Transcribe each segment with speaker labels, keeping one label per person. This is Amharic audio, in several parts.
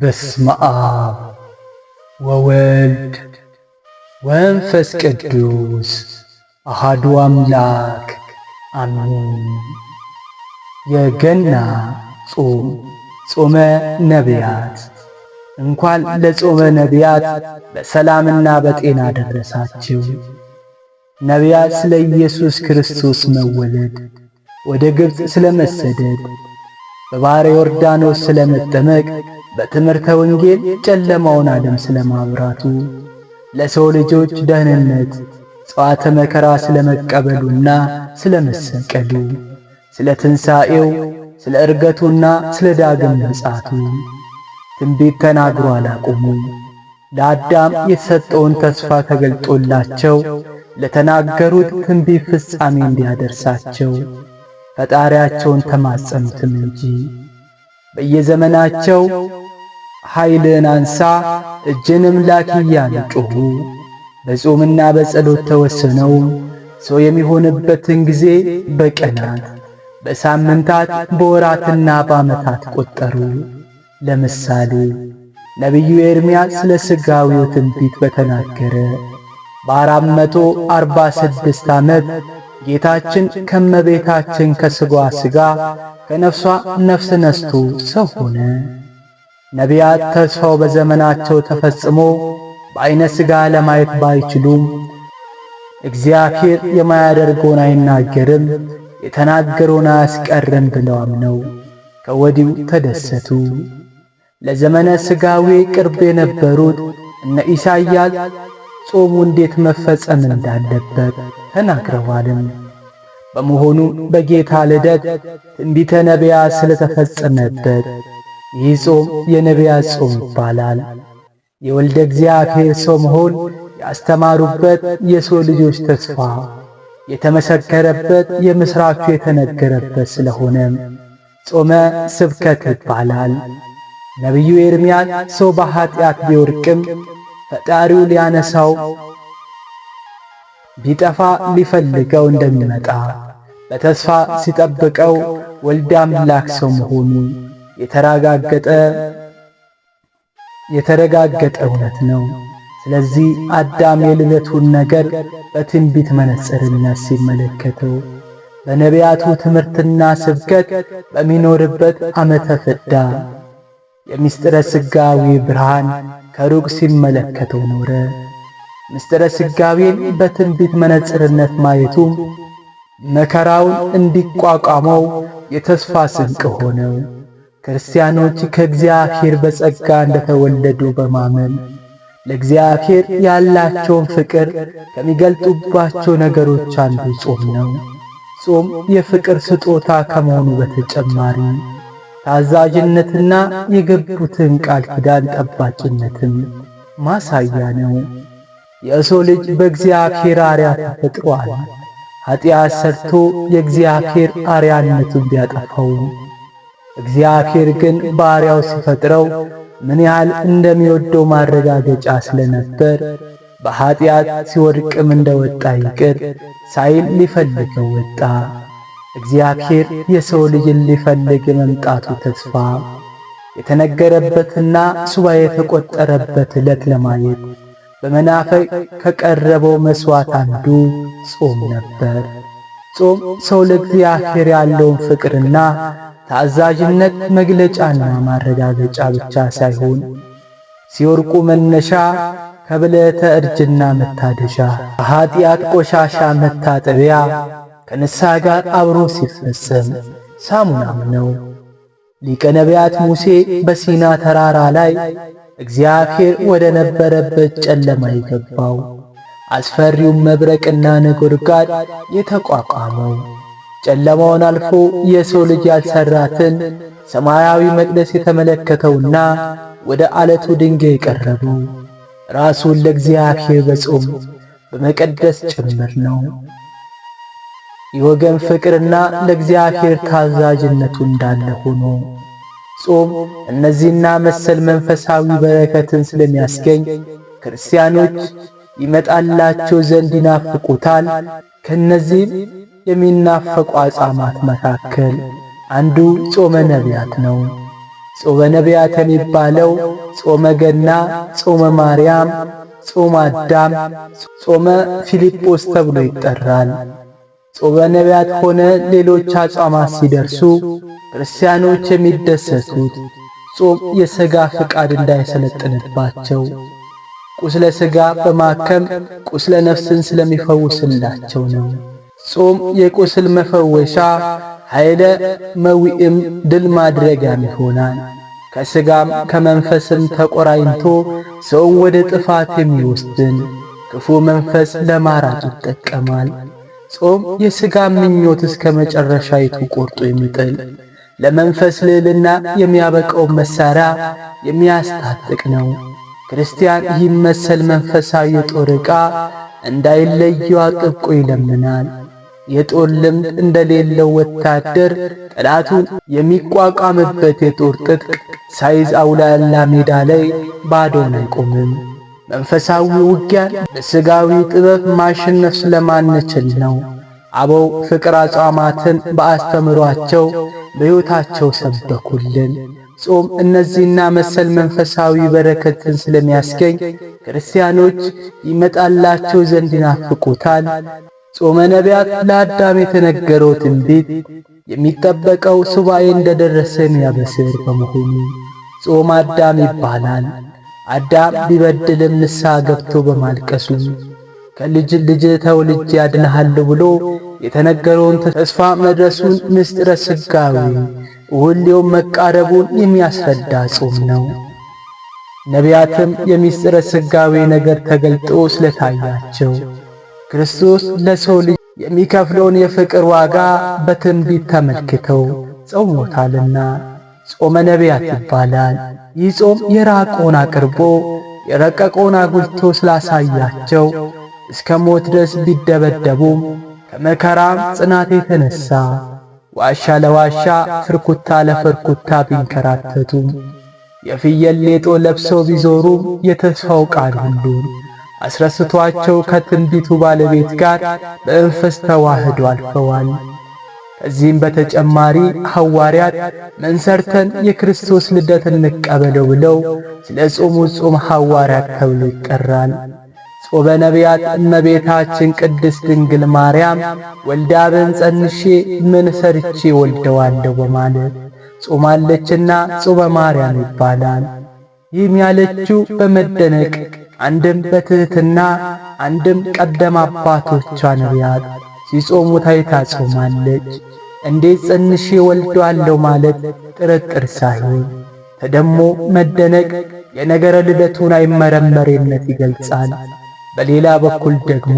Speaker 1: በስመ አብ ወወልድ ወንፈስ ቅዱስ አሃዱ አምላክ አሚን። የገና ጾም ጾመ ነቢያት። እንኳን ለጾመ ነቢያት በሰላምና በጤና ደረሳችሁ። ነቢያት ስለ ኢየሱስ ክርስቶስ መወለድ፣ ወደ ግብፅ ስለ መሰደድ፣ በባሕረ ዮርዳኖስ ስለ መጠመቅ በትምህርተ ወንጌል ጨለማውን ዓለም ስለማብራቱ ለሰው ልጆች ደህንነት ጸዋተ መከራ ስለመቀበሉና ስለመሰቀሉ ስለ ትንሣኤው ስለ እርገቱና ስለ ዳግም ምጽአቱ ትንቢት ተናግሮ አላቆሙም። ለአዳም የተሰጠውን ተስፋ ተገልጦላቸው ለተናገሩት ትንቢት ፍጻሜ እንዲያደርሳቸው ፈጣሪያቸውን ተማጸኑትም እንጂ በየዘመናቸው ኃይልን አንሳ እጅንም ላኪ እያሉ ጮኹ። በጾምና በጸሎት ተወሰነው ሰው የሚሆንበትን ጊዜ በቀናት በሳምንታት በወራትና በዓመታት ቆጠሩ። ለምሳሌ ነቢዩ ኤርምያስ ስለ ሥጋዊው ትንቢት በተናገረ በአራት መቶ አርባ ስድስት ዓመት ጌታችን ከመቤታችን ከሥጓ ሥጋ ከነፍሷ ነፍስ ነስቶ ሰው ሆነ። ነቢያት ተስፋው በዘመናቸው ተፈጽሞ በዐይነ ሥጋ ለማየት ባይችሉም እግዚአብሔር የማያደርገውን አይናገርም፣ የተናገረውን አያስቀርም ብለዋም ነው! ከወዲሁ ተደሰቱ። ለዘመነ ስጋዊ ቅርብ የነበሩት እነ ኢሳይያስ ጾሙ እንዴት መፈጸም እንዳለበት ተናግረዋልም። በመሆኑ በጌታ ልደት ትንቢተ ነቢያ ስለተፈጸመበት ይህ ጾም የነቢያት ጾም ይባላል። የወልደ እግዚአብሔር ሰው መሆን ያስተማሩበት የሰው ልጆች ተስፋ የተመሰከረበት የምሥራቹ የተነገረበት ስለሆነ ጾመ ስብከት ይባላል። ነቢዩ ኤርምያስ ሰው በኀጢአት ቢወድቅም ፈጣሪው ሊያነሳው ቢጠፋ ሊፈልገው እንደሚመጣ በተስፋ ሲጠብቀው ወልደ አምላክ ሰው መሆኑ የተረጋገጠ የተረጋገጠ እውነት ነው። ስለዚህ አዳም የልደቱን ነገር በትንቢት መነጽርነት ሲመለከተው በነቢያቱ ትምህርትና ስብከት በሚኖርበት ዓመተ ፍዳ የምስጢረ ሥጋዌ ብርሃን ከሩቅ ሲመለከተው ኖረ። ምስጢረ ሥጋዌን በትንቢት መነጽርነት ማየቱ መከራውን እንዲቋቋመው የተስፋ ስንቅ ሆነው ክርስቲያኖች ከእግዚአብሔር በጸጋ እንደተወለዱ በማመን ለእግዚአብሔር ያላቸውን ፍቅር ከሚገልጡባቸው ነገሮች አንዱ ጾም ነው። ጾም የፍቅር ስጦታ ከመሆኑ በተጨማሪ ታዛዥነትና የገቡትን ቃል ኪዳን ጠባቂነትም ማሳያ ነው። የሰው ልጅ በእግዚአብሔር አርያ ተፈጥሯል። ኃጢአት ሰርቶ የእግዚአብሔር አርያነቱን ቢያጠፋውም እግዚአብሔር ግን ባሪያው ሲፈጥረው ምን ያህል እንደሚወደው ማረጋገጫ ስለነበር በኀጢአት ሲወድቅም እንደወጣ ይቅር ሳይል ሊፈልገው ወጣ። እግዚአብሔር የሰው ልጅን ሊፈልግ የመምጣቱ ተስፋ የተነገረበትና ሱባ የተቆጠረበት ዕለት ለማየት በመናፈቅ ከቀረበው መሥዋዕት አንዱ ጾም ነበር። ጾም ሰው ለእግዚአብሔር ያለውን ፍቅርና ታዛዥነት መግለጫና ማረጋገጫ ብቻ ሳይሆን ሲወርቁ መነሻ ከብለተ እርጅና መታደሻ ከኀጢአት ቆሻሻ መታጠቢያ ከንሳ ጋር አብሮ ሲፈጸም ሳሙናም ነው። ሊቀ ነቢያት ሙሴ በሲና ተራራ ላይ እግዚአብሔር ወደ ነበረበት ጨለማ የገባው አስፈሪውም መብረቅና ነጎድጓድ የተቋቋመው ጨለማውን አልፎ የሰው ልጅ ያልሰራትን ሰማያዊ መቅደስ የተመለከተውና ወደ አለቱ ድንጋይ የቀረበው ራሱን ለእግዚአብሔር በጾም በመቀደስ ጭምር ነው። የወገን ፍቅርና ለእግዚአብሔር ታዛዥነቱ እንዳለ ሆኖ ጾም እነዚህና መሰል መንፈሳዊ በረከትን ስለሚያስገኝ ክርስቲያኖች ይመጣላቸው ዘንድ ይናፍቁታል። ከእነዚህም የሚናፈቁ አጻማት መካከል አንዱ ጾመ ነቢያት ነው። ጾመ ነቢያት የሚባለው ጾመ ገና፣ ጾመ ማርያም፣ ጾመ አዳም፣ ጾመ ፊልጶስ ተብሎ ይጠራል። ጾመ ነቢያት ሆነ ሌሎች አጽዋማት ሲደርሱ ክርስቲያኖች የሚደሰቱት ጾም የሥጋ ፍቃድ እንዳይሰለጥንባቸው ቁስለ ሥጋ በማከም ቁስለ ነፍስን ስለሚፈውስላቸው ነው። ጾም የቁስል መፈወሻ ኃይለ መዊዕም ድል ማድረጊያም ይሆናል። ከሥጋም ከመንፈስም ተቆራኝቶ ሰውን ወደ ጥፋት የሚወስድን ክፉ መንፈስ ለማራቅ ይጠቀማል። ጾም የሥጋ ምኞት እስከ መጨረሻይቱ ቆርጦ የሚጥል ለመንፈስ ልዕልና የሚያበቃውን መሣሪያ የሚያስታጥቅ ነው። ክርስቲያን ይህን መሰል መንፈሳዊ የጦር ዕቃ እንዳይለየው አጥብቆ ይለምናል። የጦር ልምድ እንደሌለው ወታደር ጠላቱን የሚቋቋምበት የጦር ትጥቅ ሳይዝ አውላላ ሜዳ ላይ ባዶን አይቆምም። መንፈሳዊ ውጊያን በሥጋዊ ጥበብ ማሸነፍ ስለማንችል ነው። አበው ፍቅር አጽዋማትን በአስተምሯቸው በሕይወታቸው ሰበኩልን። ጾም እነዚህና መሰል መንፈሳዊ በረከትን ስለሚያስገኝ ክርስቲያኖች ይመጣላቸው ዘንድ ይናፍቁታል። ጾመ ነቢያት ለአዳም የተነገረው ትንቢት የሚጠበቀው ሱባኤ እንደደረሰ የሚያበስር በመሆኑ ጾም አዳም ይባላል። አዳም ቢበድልም ንስሐ ገብቶ በማልቀሱ ከልጅ ልጅ ተወልጄ ያድንሃል ብሎ የተነገረውን ተስፋ መድረሱን ምስጢረ ስጋዊ ውሌውን መቃረቡን የሚያስረዳ ጾም ነው። ነቢያትም የሚስጥረ ስጋዌ ነገር ተገልጦ ስለታያቸው ክርስቶስ ለሰው ልጅ የሚከፍለውን የፍቅር ዋጋ በትንቢት ተመልክተው ጾሞታልና ጾመ ነቢያት ይባላል። ይህ ጾም የራቆን አቅርቦ የረቀቀውን አጉልቶ ስላሳያቸው እስከ ሞት ድረስ ቢደበደቡም ከመከራም ጽናት የተነሳ ዋሻ ለዋሻ ፍርኩታ ለፍርኩታ ቢንከራተቱም የፍየል ሌጦ ለብሰው ቢዞሩም የተስፋው ቃል ሁሉ አስረስቷቸው ከትንቢቱ ባለቤት ጋር በእንፈስ ተዋህዶ አልፈዋል። ከዚህም በተጨማሪ ሐዋርያት ምን ሰርተን የክርስቶስ ልደት እንቀበለው ብለው ስለ ጾሙ ጾም ሐዋርያት ተብሎ ይጠራል። ወበነቢያት እመቤታችን ቅድስት ድንግል ማርያም ወልዳብን ጸንሼ ምን ሰርቼ ወልደዋለሁ በማለት ጾማለችና ጾመ ማርያም ይባላል። ይህም ያለችው በመደነቅ አንድም በትሕትና አንድም ቀደም አባቶቿ ነቢያት ሲጾሙ ታይታ ጾማለች። እንዴት ጸንሼ ወልደዋለሁ ማለት ጥርጥር ሳይሆን ተደሞ መደነቅ የነገረ ልደቱን አይመረመሬነት ይገልጻል። በሌላ በኩል ደግሞ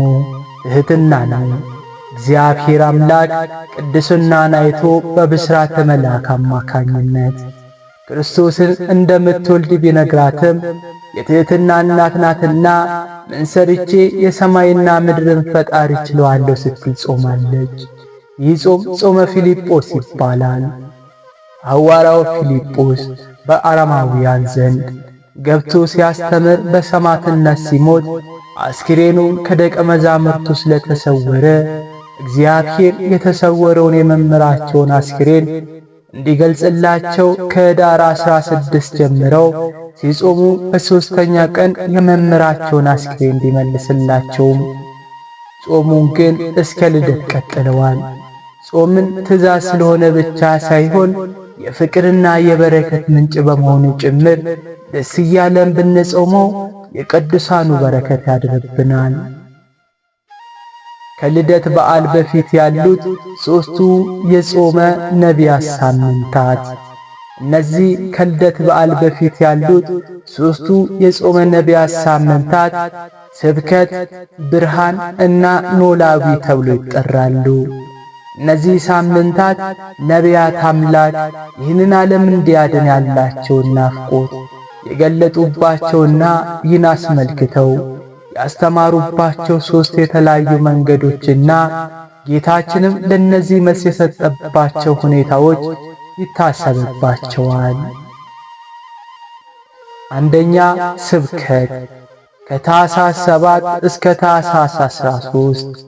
Speaker 1: እህትና ነው። እግዚአብሔር አምላክ ቅድስናን አይቶ በብስራተ መልአክ አማካኝነት ክርስቶስን እንደምትወልድ ቢነግራትም የትሕትና እናት ናትና ምን ሰርቼ የሰማይና ምድርን ፈጣሪ ችለዋለሁ ስትል ጾማለች። ይህ ጾም ጾመ ፊልጶስ ይባላል። ሐዋርያው ፊልጶስ በአረማውያን ዘንድ ገብቶ ሲያስተምር በሰማዕትነት ሲሞት አስክሬኑን ከደቀ መዛሙርቱ ስለተሰወረ እግዚአብሔር የተሰወረውን የመምህራቸውን አስክሬን እንዲገልጽላቸው ከኅዳር አስራ ስድስት ጀምረው ሲጾሙ በሦስተኛ ቀን የመምህራቸውን አስክሬን ቢመልስላቸውም ጾሙን ግን እስከ ልደት ቀጥለዋል። ጾምን ትእዛዝ ስለሆነ ብቻ ሳይሆን የፍቅርና የበረከት ምንጭ በመሆኑ ጭምር ደስ እያለን ብንጾመው የቅዱሳኑ በረከት ያድርብናል። ከልደት በዓል በፊት ያሉት ሦስቱ የጾመ ነቢያት ሳምንታት እነዚህ ከልደት በዓል በፊት ያሉት ሦስቱ የጾመ ነቢያት ሳምንታት ስብከት፣ ብርሃን እና ኖላዊ ተብሎ ይጠራሉ። እነዚህ ሳምንታት ነቢያት አምላክ ይህንን ዓለም እንዲያድን ያላቸውን ናፍቆት የገለጡባቸውና ይህን አስመልክተው ያስተማሩባቸው ሦስት የተለያዩ መንገዶችና ጌታችንም ለነዚህ መልስ የሰጠባቸው ሁኔታዎች ይታሰብባቸዋል። አንደኛ ስብከት ከታኅሳስ 7 እስከ ታኅሳስ 13።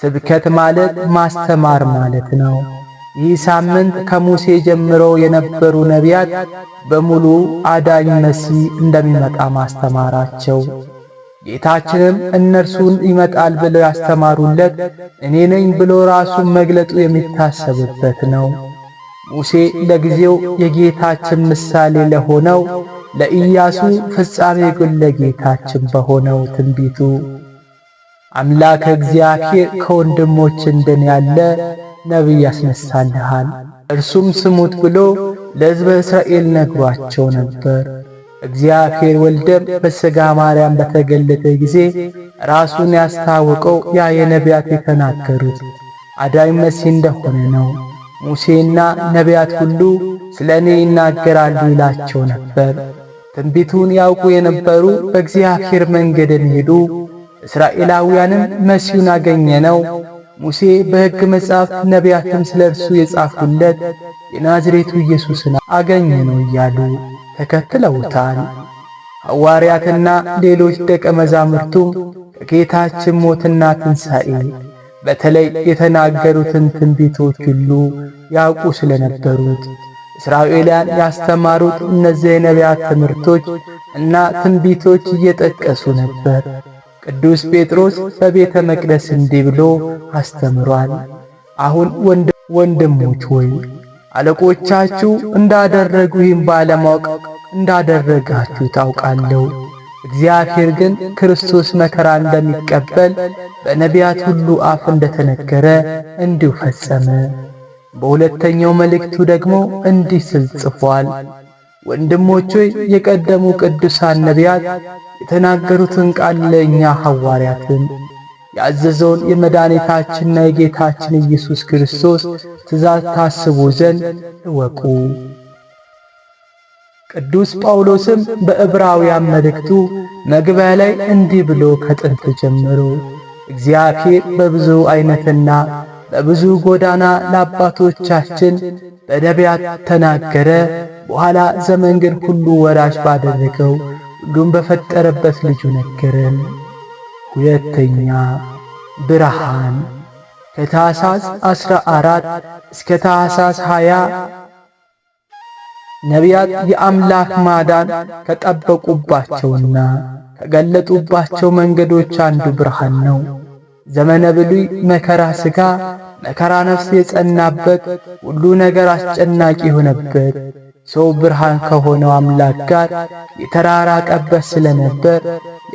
Speaker 1: ስብከት ማለት ማስተማር ማለት ነው። ይህ ሳምንት ከሙሴ ጀምሮ የነበሩ ነቢያት በሙሉ አዳኝ መሲ እንደሚመጣ ማስተማራቸው ጌታችንም እነርሱን ይመጣል ብለው ያስተማሩለት እኔ ነኝ ብሎ ራሱን መግለጡ የሚታሰብበት ነው። ሙሴ ለጊዜው የጌታችን ምሳሌ ለሆነው ለኢያሱ ፍጻሜ ግን ለጌታችን በሆነው ትንቢቱ አምላክ እግዚአብሔር ከወንድሞች እንድን ያለ ነቢይ ያስነሳልሃል፣ እርሱም ስሙት ብሎ ለሕዝበ እስራኤል ነግሯቸው ነበር። እግዚአብሔር ወልደም በሥጋ ማርያም በተገለጠ ጊዜ ራሱን ያስታወቀው ያ የነቢያት የተናገሩት አዳኝ መሲህ እንደሆነ ነው። ሙሴና ነቢያት ሁሉ ስለ እኔ ይናገራሉ ይላቸው ነበር። ትንቢቱን ያውቁ የነበሩ በእግዚአብሔር መንገድን ሄዱ እስራኤላውያንም መሲሁን አገኘነው ሙሴ በሕግ መጽሐፍ ነቢያትም ስለ እርሱ የጻፉለት የናዝሬቱ ኢየሱስን አገኘ ነው እያሉ ተከትለውታል። ሐዋርያትና ሌሎች ደቀ መዛሙርቱም ከጌታችን ሞትና ትንሣኤ በተለይ የተናገሩትን ትንቢቶች ሁሉ ያውቁ ስለነበሩት እስራኤልያን ያስተማሩት እነዚህ የነቢያት ትምህርቶች እና ትንቢቶች እየጠቀሱ ነበር። ቅዱስ ጴጥሮስ በቤተ መቅደስ እንዲህ ብሎ አስተምሯል። አሁን ወንድሞች ሆይ አለቆቻችሁ እንዳደረጉ ይህም ባለማወቅ እንዳደረጋችሁ ታውቃለሁ። እግዚአብሔር ግን ክርስቶስ መከራ እንደሚቀበል በነቢያት ሁሉ አፍ እንደተነገረ እንዲሁ ፈጸመ። በሁለተኛው መልእክቱ ደግሞ እንዲህ ስል ጽፏል። ወንድሞቹ የቀደሙ ቅዱሳን ነቢያት የተናገሩትን ቃል ለእኛ ሐዋርያትን ያዘዘውን የመድኃኒታችንና የጌታችን ኢየሱስ ክርስቶስ ትእዛዝ ታስቡ ዘንድ እወቁ። ቅዱስ ጳውሎስም በዕብራውያን መልእክቱ መግቢያ ላይ እንዲህ ብሎ ከጥንት ጀምሮ እግዚአብሔር በብዙ ዐይነትና በብዙ ጎዳና ለአባቶቻችን በነቢያት ተናገረ በኋላ ዘመን ግን ሁሉ ወራሽ ባደረገው ሁሉም በፈጠረበት ልጁ ነገረን። ሁለተኛ ብርሃን ከታህሳስ 14 እስከ ታህሳስ 20 ነቢያት የአምላክ ማዳን ከጠበቁባቸውና ከገለጡባቸው መንገዶች አንዱ ብርሃን ነው። ዘመነ ብሉይ መከራ ሥጋ፣ መከራ ነፍስ የጸናበት ሁሉ ነገር አስጨናቂ የሆነበት ሰው ብርሃን ከሆነው አምላክ ጋር የተራራቀበት ስለነበር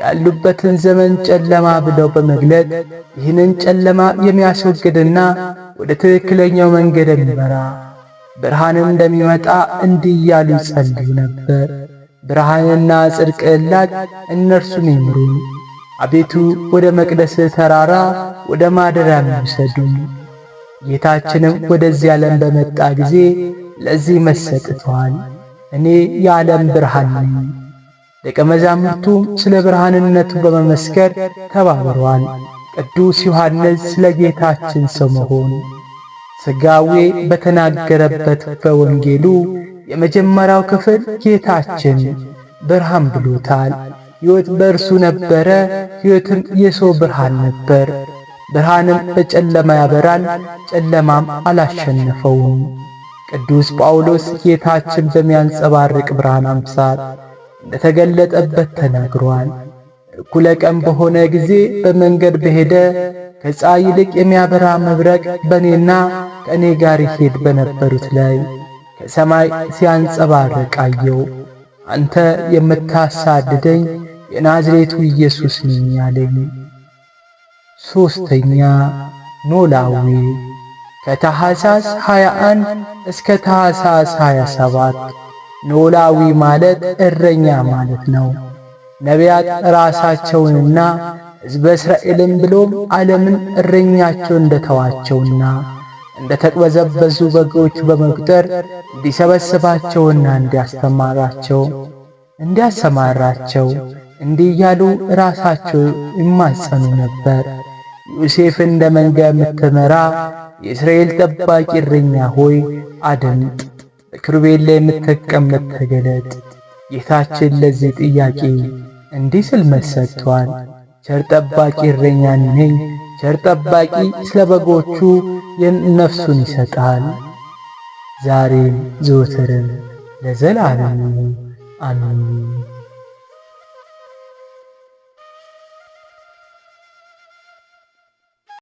Speaker 1: ያሉበትን ዘመን ጨለማ ብለው በመግለጥ ይህንን ጨለማ የሚያስወግድና ወደ ትክክለኛው መንገድ የሚመራ ብርሃን እንደሚመጣ እንዲህ እያሉ ይጸልዩ ነበር። ብርሃንና ጽድቅ ላቅ እነርሱን ይምሩ። አቤቱ ወደ መቅደስ ተራራ ወደ ማደሪያ ይውሰዱ። ጌታችንም ወደዚህ ዓለም በመጣ ጊዜ ለዚህ መሰጥቷል። እኔ የዓለም ብርሃን ነኝ። ደቀ መዛሙርቱ ስለ ብርሃንነቱ በመመስከር ተባብሯል። ቅዱስ ዮሐንስ ስለ ጌታችን ሰው መሆን ሥጋዌ በተናገረበት በወንጌሉ የመጀመሪያው ክፍል ጌታችን ብርሃን ብሎታል። ሕይወት በእርሱ ነበረ፣ ሕይወትም የሰው ብርሃን ነበር። ብርሃንም በጨለማ ያበራል፣ ጨለማም አላሸነፈውም። ቅዱስ ጳውሎስ ጌታችን በሚያንጸባርቅ ብርሃን አምሳል እንደተገለጠበት ተናግሯል። እኩለ ቀን በሆነ ጊዜ በመንገድ በሄደ ከፀሐይ ይልቅ የሚያበራ መብረቅ በእኔና ከእኔ ጋር ይሄድ በነበሩት ላይ ከሰማይ ሲያንጸባርቅ አየው። አንተ የምታሳድደኝ የናዝሬቱ ኢየሱስ ነኝ አለኝ። ሦስተኛ ኖላዊ ከታሐሳስ 21 እስከ ታሐሳስ 27 ኖላዊ ማለት እረኛ ማለት ነው። ነቢያት ራሳቸውንና ሕዝበ እስራኤልን ብሎም ዓለምን እረኛቸው እንደተዋቸውና እንደተቅበዘበዙ በጎች በመቁጠር እንዲሰበስባቸውና እንዲያስተማራቸው እንዲያሰማራቸው እንዲህ እያሉ ራሳቸው ይማጸኑ ነበር። ዮሴፍ እንደ መንጋ የምትመራ የእስራኤል ጠባቂ እረኛ ሆይ አደምጥ፣ በክሩቤል ላይ የምትቀመጥ ተገለጥ። ጌታችን ለዚህ ጥያቄ እንዲህ ስል መልስ ሰጥቷል። ቸር ጠባቂ እረኛ ነኝ። ቸር ጠባቂ ስለ በጎቹ ነፍሱን ይሰጣል። ዛሬም ዘወትርም ለዘላለሙ አሜን።